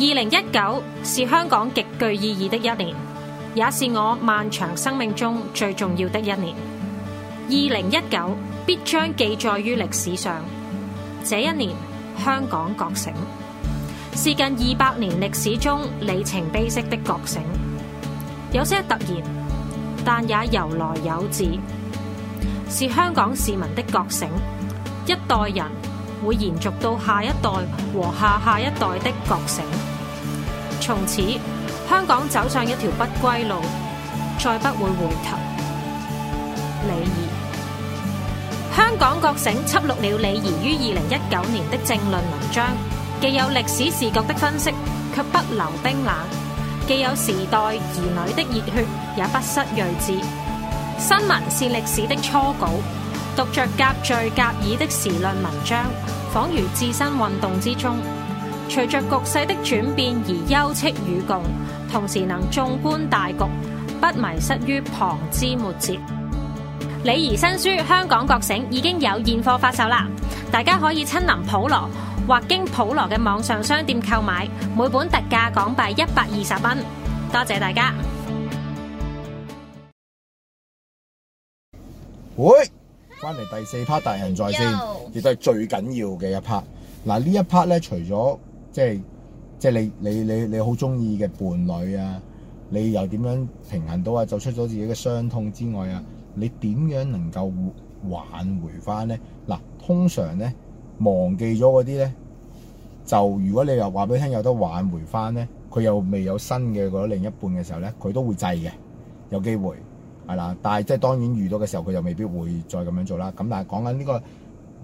二零一九是香港極具意義的一年，也是我漫長生命中最重要的一年。二零一九必將記載於歷史上。這一年，香港覺醒，是近二百年歷史中里程碑式的覺醒。有些突然，但也由來有自，是香港市民的覺醒，一代人。會延續到下一代和下下一代的覺醒，從此香港走上一條不歸路，再不會回頭。李儀，香港覺醒輯錄了李儀於二零一九年的政論文章，既有歷史視覺的分析，却不留冰冷；既有時代兒女的熱血，也不失睿智。新聞是歷史的初稿。讀着夾敘夾議的時論文章，仿如置身運動之中，隨着局勢的轉變而休戚與共，同時能縱觀大局，不迷失於旁枝末節。李怡新書《香港覺醒》已經有現貨發售啦，大家可以親臨普羅或經普羅嘅網上商店購買，每本特價港幣一百二十蚊。多謝大家。喂。翻嚟第四 part 達仁在線，亦都係最緊要嘅一 part。嗱呢一 part 咧，除咗即係即係你你你你好中意嘅伴侶啊，你又點樣平衡到啊？走出咗自己嘅傷痛之外啊，你點樣能夠挽回翻咧？嗱，通常咧忘記咗嗰啲咧，就如果你又話俾佢聽有得挽回翻咧，佢又未有新嘅嗰另一半嘅時候咧，佢都會制嘅，有機會。係啦，但係即係當然遇到嘅時候，佢又未必會再咁樣做啦。咁但係講緊呢個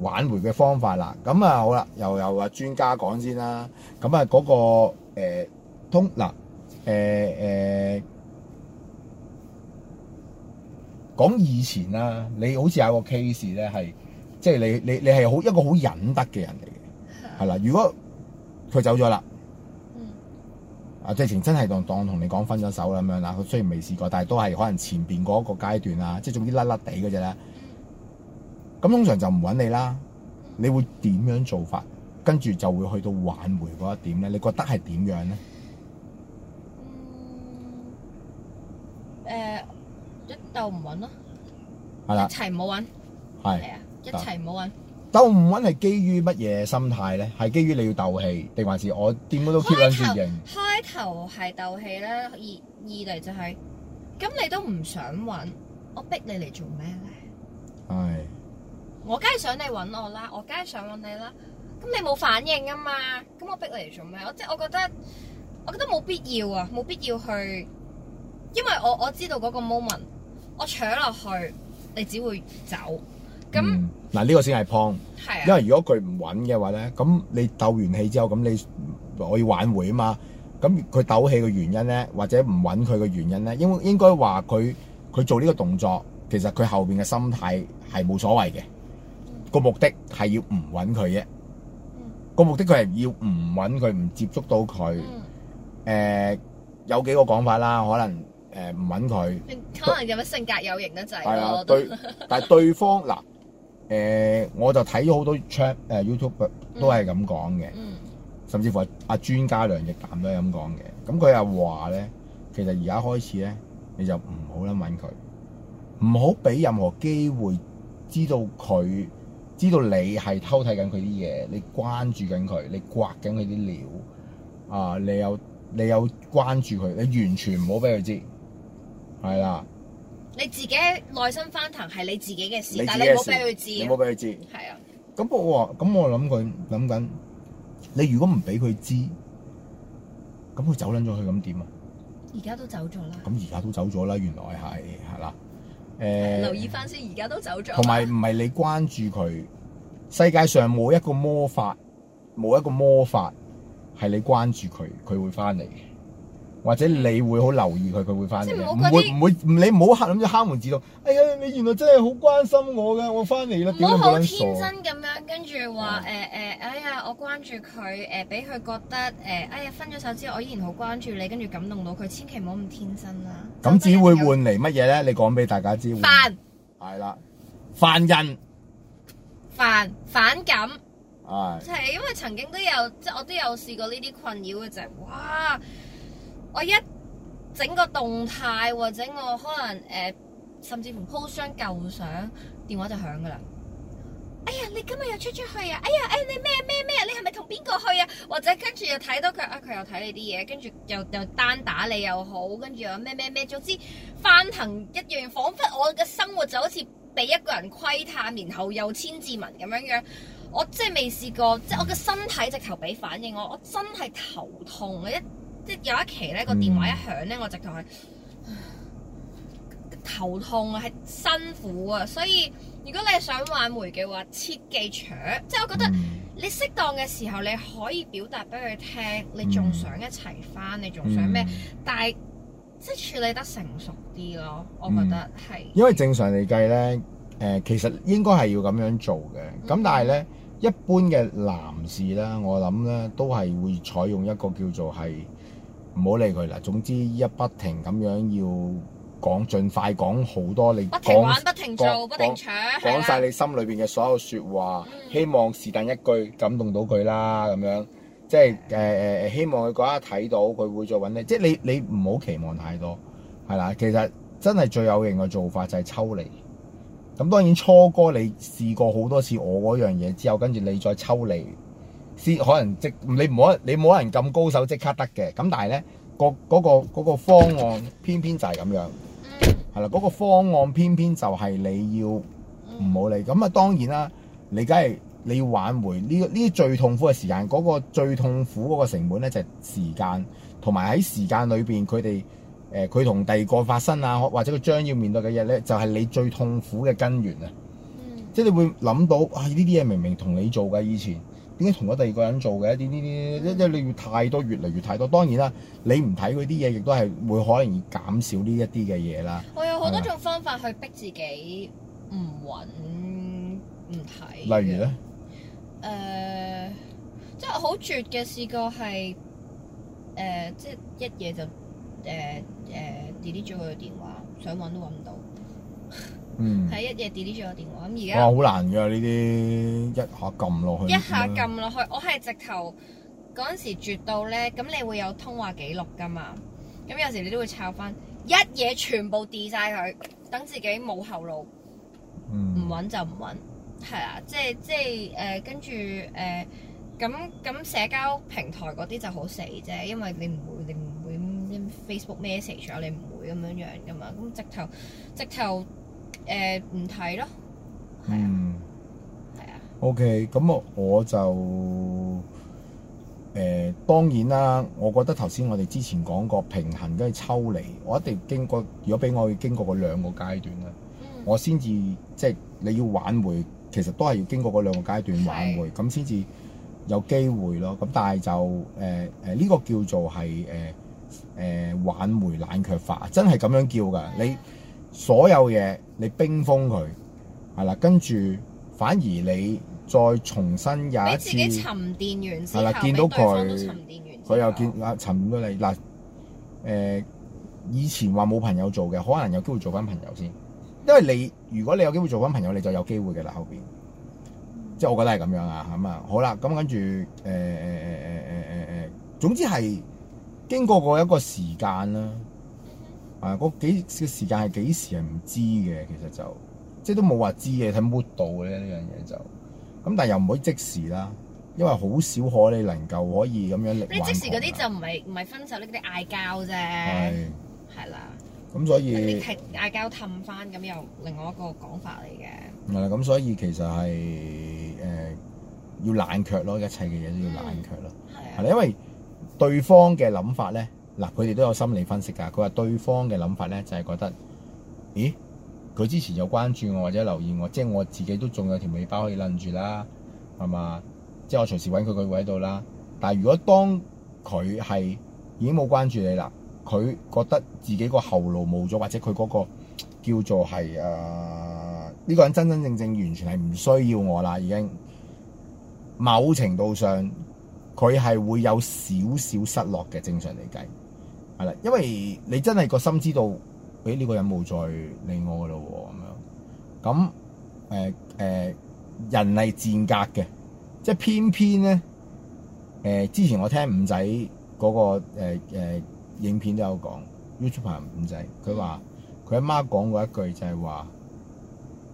挽回嘅方法啦。咁啊好啦，又又話專家講先啦。咁啊嗰個、欸、通嗱誒誒講以前啦，你好似有個 case 咧係，即係你你你係好一個好忍得嘅人嚟嘅，係啦。如果佢走咗啦。啊，之前真係當當同你講分咗手啦咁樣啦，佢雖然未試過，但係都係可能前邊嗰個階段啊，即係總之甩甩地嗰隻啦。咁、嗯、通常就唔揾你啦，你會點樣做法？跟住就會去到挽回嗰一點咧，你覺得係點樣咧？誒、嗯，一就唔揾咯，的一齊唔好揾，係啊，一齊唔好揾。鬥唔揾係基於乜嘢心態咧？係基於你要鬥氣定還是我點樣都 keep 緊先贏？開頭係鬥氣咧，二二嚟就係、是、咁你都唔想揾，我逼你嚟做咩咧？係唉我梗係想你揾我啦，我梗係想揾你啦。咁你冇反應啊嘛，咁我逼你嚟做咩？我即係我覺得我覺得冇必要啊，冇必要去，因為我我知道嗰個 moment，我搶落去，你只會走。咁嗱呢個先係 point，因為如果佢唔揾嘅話咧，咁你鬥完氣之後，咁你我要挽回啊嘛，咁佢鬥氣嘅原因咧，或者唔揾佢嘅原因咧，應應該話佢佢做呢個動作，其實佢後邊嘅心態係冇所謂嘅，個目的係要唔揾佢啫，個、嗯、目的佢係要唔揾佢，唔接觸到佢，誒、嗯呃、有幾個講法啦，可能誒唔揾佢，呃、可能有乜性格有型、就是、多得滯，係啊，對， 但係對方嗱。誒，uh, 我就睇咗好多 trap 誒、uh，YouTube 都係咁講嘅，mm hmm. 甚至乎阿、啊、阿專家梁亦淡都係咁講嘅。咁佢又話咧，其實而家開始咧，你就唔好啦問佢，唔好俾任何機會知道佢知道你係偷睇緊佢啲嘢，你關注緊佢，你刮緊佢啲料啊，你有你有關注佢，你完全唔好俾佢知，係啦。你自己內心翻騰係你自己嘅事，事，但係你冇俾佢知，冇俾佢知，係啊。咁我話，咁我諗佢諗緊，你如果唔俾佢知，咁佢走甩咗佢咁點啊？而家都走咗啦。咁而家都走咗啦，原來係係啦。誒、啊，欸，留意翻先，而家都走咗。同埋唔係你關注佢，世界上冇一個魔法，冇一個魔法係你關注佢，佢會翻嚟。或者你會好留意佢，佢會翻嚟，唔會唔會，你唔好嚇咁樣敲門指導。哎呀，你原來真係好關心我嘅，我翻嚟啦。我好要樣天真咁樣，跟住話誒誒，哎呀，我關注佢，誒俾佢覺得誒，哎呀、哎哎，分咗手之後我依然好關注你，跟住感動到佢，千祈唔好咁天真啦。咁只會換嚟乜嘢咧？你講俾大家知。煩係啦，煩人，犯，反感。係唉，因為曾經都有，即係我都有試過呢啲困擾嘅就係，哇！我一整個動態，或者我可能誒、呃，甚至乎 po 張舊相，電話就響噶啦。哎呀，你今日又出出去啊？哎呀，哎你咩咩咩啊？你係咪同邊個去啊？或者跟住又睇到佢啊，佢又睇你啲嘢，跟住又又單打你又好，跟住又咩咩咩，總之翻騰一樣，彷彿我嘅生活就好似俾一個人窺探，然後又千字文咁樣樣。我即係未試過，即係我嘅身體直頭俾反應我，我真係頭痛啊！一即係有一期咧，個、嗯、電話一響咧，我直頭係頭痛啊，係辛苦啊，所以如果你係想挽回嘅話，切記扯。即係我覺得你適當嘅時候，你可以表達俾佢聽，你仲想一齊翻，嗯、你仲想咩？嗯、但係即係處理得成熟啲咯，我覺得係。因為正常嚟計咧，誒、呃，其實應該係要咁樣做嘅。咁、嗯、但係咧，一般嘅男士咧，我諗咧都係會採用一個叫做係。唔好理佢啦，總之一不停咁樣要講，盡快講好多你做不停講，講晒你心裏邊嘅所有說話，嗯、希望是但一句感動到佢啦咁樣，即係誒誒，希望佢嗰一刻睇到佢會再搵你，即係你你唔好期望太多，係啦，其實真係最有型嘅做法就係抽離。咁當然初哥你試過好多次我嗰樣嘢之後，跟住你再抽離。可能即你唔好你冇可能咁高手即刻得嘅，咁但係咧、嗰個嗰個、嗰個方案偏偏就係咁樣，係啦，嗰個方案偏偏就係你要唔好理，咁啊當然啦，你梗係你要挽回呢呢最痛苦嘅時間，嗰、嗰個最痛苦嗰個成本咧就係、是、時間，同埋喺時間裏邊佢哋誒佢同第二個發生啊，或者佢將要面對嘅嘢咧，就係、是、你最痛苦嘅根源啊！嗯、即係你會諗到啊呢啲嘢明明同你做嘅以前。已經同咗第二個人做嘅一啲呢啲，因為你要太多，越嚟越太多。當然啦，你唔睇嗰啲嘢，亦都係會可能要減少呢一啲嘅嘢啦。我有好多種方法去逼自己唔揾唔睇。例如咧，誒、uh,，uh, 即係我好絕嘅試過係，誒，即係一夜就，誒誒，delete 咗佢嘅電話，想揾都揾唔到。嗯，係一夜 delete 咗個電話，咁而家哇，好難噶呢啲，一下撳落去，一下撳落去，這樣 我係直頭嗰陣時絕到咧，咁你會有通話記錄噶嘛？咁有時你都會抄翻一嘢全部 delete 晒佢，等自己冇後路，唔搵、嗯、就唔搵，係啊，即係即係誒，跟住誒，咁咁、呃、社交平台嗰啲就好死啫，因為你唔會，你唔會 Facebook message 啊，你唔會咁樣樣噶嘛，咁直頭直頭。誒唔睇咯，係、呃、啊，嗯、啊。O K，咁我我就誒、呃、當然啦。我覺得頭先我哋之前講過平衡跟住抽離，我一定經過。如果俾我去經過嗰兩個階段咧，嗯、我先至即係你要挽回，其實都係要經過嗰兩個階段挽回，咁先至有機會咯。咁但係就誒誒呢個叫做係誒誒挽回冷卻法，真係咁樣叫㗎你。所有嘢你冰封佢，係啦，跟住反而你再重新有一次沉澱完，係啦的，見到佢，佢又見啊沉咗你嗱，誒、啊呃，以前話冇朋友做嘅，可能有機會做翻朋友先，因為你如果你有機會做翻朋友，你就有機會嘅啦後邊，嗯、即係我覺得係咁樣啊，咁啊好啦，咁跟住誒誒誒誒誒誒誒，總之係經過過一個時間啦。啊！嗰幾嘅時間係幾時係唔知嘅，其實就即係都冇話知嘅，睇 mood 到咧呢樣嘢、這個、就咁，但係又唔可以即時啦，因為好少可你能夠可以咁樣力。你即時嗰啲就唔係唔係分手咧，嗰啲嗌交啫，係係啦。咁的所以嗌交氹翻，咁又另外一個講法嚟嘅。係啦，咁所以其實係誒、呃、要冷卻咯，一切嘅嘢都要冷卻咯，係啦、嗯，因為對方嘅諗法咧。嗱，佢哋都有心理分析㗎。佢話對方嘅諗法咧，就係覺得，咦，佢之前有關注我或者留意我，即係我自己都仲有條尾巴可以攬住啦，係嘛？即係我隨時揾佢，佢會喺度啦。但係如果當佢係已經冇關注你啦，佢覺得自己個後路冇咗，或者佢嗰個叫做係誒呢個人真真正正完全係唔需要我啦，已經某程度上佢係會有少少失落嘅，正常嚟計。係啦，因為你真係個心知道，俾、哎、呢、這個人冇再理我咯，咁樣，咁誒誒，人係賤格嘅，即係偏偏咧，誒、呃，之前我聽五仔嗰、那個誒誒、呃、影片都有講，YouTuber 五仔，佢話佢阿媽講過一句就係話，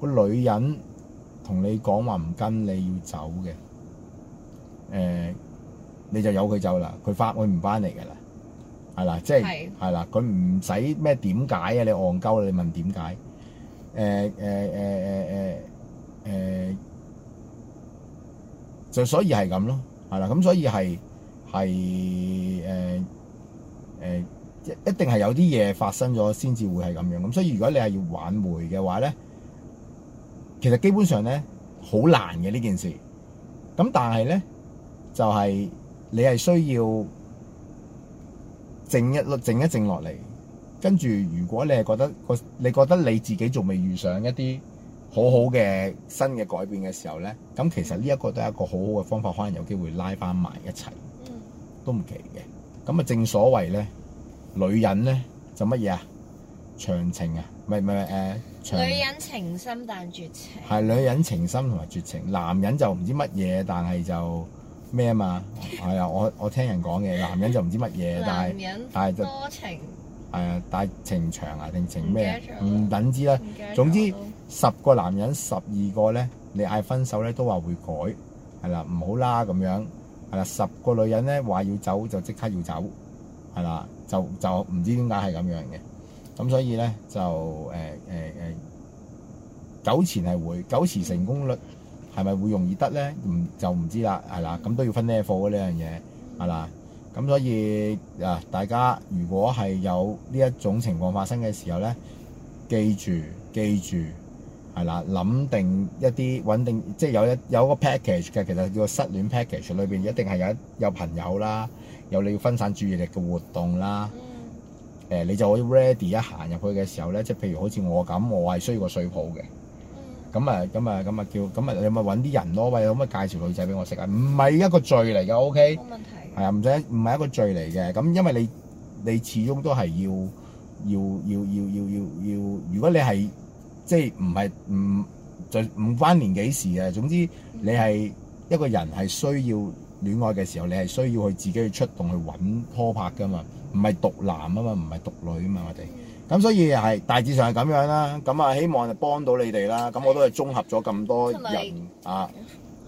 個女人同你講話唔跟你,說說跟你要走嘅，誒、呃，你就由佢走啦，佢翻佢唔翻嚟噶啦。係啦，即係係啦，佢唔使咩點解啊？你戇鳩，你問點解？誒誒誒誒誒誒，就所以係咁咯，係啦，咁所以係係誒誒一一定係有啲嘢發生咗先至會係咁樣，咁所以如果你係要挽回嘅話咧，其實基本上咧好難嘅呢件事，咁但係咧就係你係需要。靜一落，靜一靜落嚟，跟住如果你係覺得個，你覺得你自己仲未遇上一啲好好嘅新嘅改變嘅時候呢，咁其實呢一個都係一個好好嘅方法，可能有機會拉返埋一齊，都唔奇嘅。咁啊，正所謂呢，女人呢就乜嘢啊？長情啊，咪咪誒，呃、女人情深但絕情，係女人情深同埋絕情，男人就唔知乜嘢，但係就。咩啊嘛，係啊、 哎，我我聽人講嘅，男人就唔知乜嘢，但係 男人多情，係啊、哎，但係情長啊定情咩？唔等之啦。知，總之十也個男人十二個咧，你嗌分手咧都話會改，係啦，唔好啦咁樣，係啦，十個女人咧話要走就即刻要走，係啦，就就唔知點解係咁樣嘅。咁所以咧就誒誒誒，糾纏係會，糾纏成功率。嗯係咪會容易得呢？唔就唔知啦，係啦，咁都要分咩貨呢樣嘢，係啦。咁所以啊，大家如果係有呢一種情況發生嘅時候呢，記住記住，係啦，諗定一啲穩定，即係有一有個 package 嘅，其實叫失戀 package 裏邊一定係有有朋友啦，有你要分散注意力嘅活動啦。誒、嗯欸，你就可以 ready 一行入去嘅時候呢，即係譬如好似我咁，我係需要個水泡嘅。咁啊，咁啊，咁啊叫，咁啊，你咪揾啲人咯，喂，有乜介紹女仔俾我識啊？唔係一個罪嚟嘅，OK，冇問題。係啊，唔使，唔係一個罪嚟嘅。咁因為你你始終都係要要要要要要要，如果你係即係唔係唔就唔返年幾時嘅，總之你係一個人係需要戀愛嘅時候，你係需要去自己去出動去揾拖拍噶嘛，唔係獨男啊嘛，唔係獨女啊嘛，我哋。咁所以係大致上係咁樣啦，咁啊希望啊幫到你哋啦，咁我都係綜合咗咁多人有啊，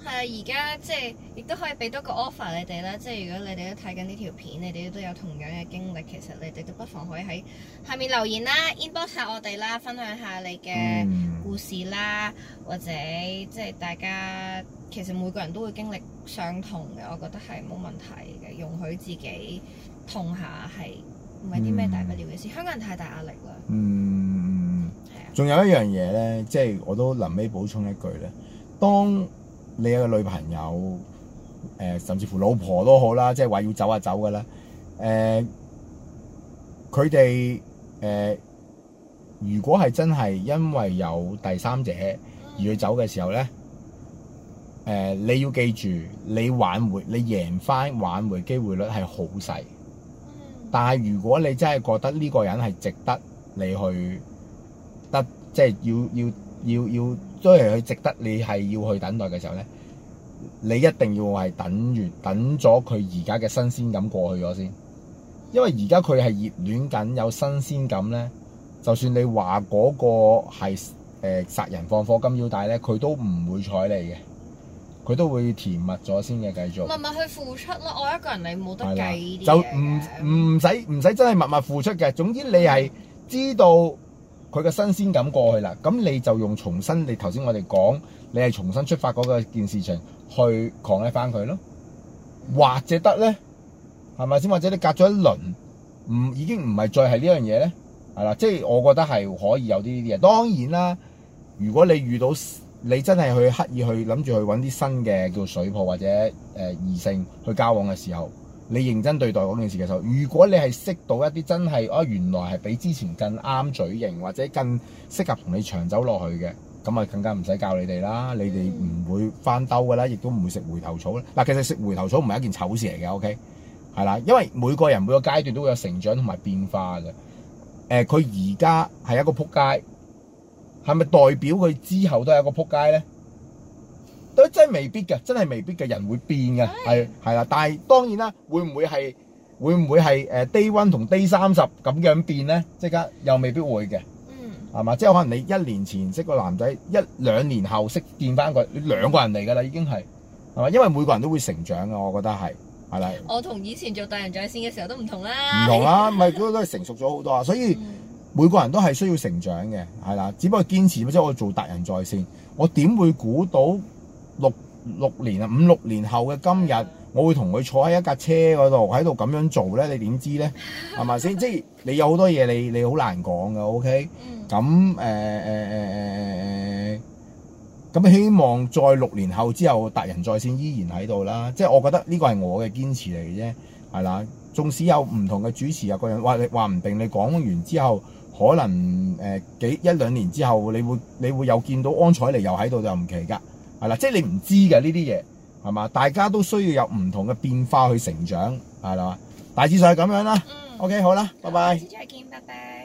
係啊，而家即係亦都可以俾多個 offer 你哋啦，即係，如果你哋都睇緊呢條片，你哋都有同樣嘅經歷，其實，你哋都不妨可以喺下面留言啦，inbox 下我哋啦，分享下你嘅故事啦，嗯、或者即係大家其實每個人都會經歷相同嘅，我覺得係冇問題嘅，容許自己痛下係。唔係啲咩大不了嘅事，嗯、香港人太大壓力啦。嗯，仲、啊、有一樣嘢咧，即、就、係、是、我都臨尾補充一句咧。當你有個女朋友，誒、呃、甚至乎老婆都好啦，即係話要走啊走嘅啦，誒、呃，佢哋誒，如果係真係因為有第三者而去走嘅時候咧，誒、呃，你要記住，你挽回、你贏翻挽回，回機會率係好細。但係如果你真係覺得呢個人係值得你去得，即係要要要要都係去值得你係要去等待嘅時候呢，你一定要係等完等咗佢而家嘅新鮮感過去咗先，因為而家佢係熱戀緊有新鮮感呢，就算你話嗰個係誒、呃、殺人放火金腰帶呢，佢都唔會睬你嘅。佢都會甜蜜咗先嘅繼續。默默去付出咯，我一個人你冇得計就唔唔使唔使真係默默付出嘅，總之你係知道佢嘅新鮮感過去啦，咁你就用重新，你頭先我哋講，你係重新出發嗰個件事情去狂甩翻佢咯，或者得咧，係咪先？或者你隔咗一輪，唔已經唔係再係呢樣嘢咧，係啦，即係我覺得係可以有啲呢啲嘢。當然啦，如果你遇到，你真係去刻意去諗住去揾啲新嘅叫做水泡或者誒異性去交往嘅時候，你認真對待嗰件事嘅時候，如果你係識到一啲真係哦、啊，原來係比之前更啱嘴型或者更適合同你長走落去嘅，咁啊更加唔使教你哋啦，你哋唔會翻兜噶啦，亦都唔會食回頭草咧。嗱，其實食回頭草唔係一件醜事嚟嘅，OK，係啦，因為每個人每個階段都會有成長同埋變化嘅。誒，佢而家係一個撲街。係咪代表佢之後都有一個撲街咧？都真係未必嘅，真係未必嘅，人會變嘅，係係啦。但係當然啦，會唔會係會唔會係誒 day one 同 day thirty 咁樣變咧？即刻又未必會嘅，係嘛，嗯？即係可能你一年前識個男仔，一兩年後識見翻個，你兩個人嚟㗎啦，已經係係嘛？因為每個人都會成長嘅，我覺得係係啦。我同以前做達仁在線嘅時候都唔同啦，唔同啦、啊，咪嗰個都係成熟咗好多啊，所以。嗯每個人都係需要成長嘅，係啦。只不過堅持即係？我做達人在線，我點會估到六六年啊？五六年後嘅今日，我會同佢坐喺一架車嗰度喺度咁樣做呢？你點知呢？係咪先？ 即係你有好多嘢，你你好難講嘅。OK，咁誒誒誒咁希望在六年後之後，達人在線依然喺度啦。即係我覺得呢個係我嘅堅持嚟嘅啫，係啦。縱使有唔同嘅主持啊，個人話你話唔定你講完之後。可能誒幾一兩年之後，你會你會又見到安彩妮又喺度就唔奇㗎，係啦，即係你唔知㗎呢啲嘢係嘛？大家都需要有唔同嘅變化去成長，係啦，大致上係咁樣啦。嗯、OK，好啦，拜拜。下次再見，拜拜。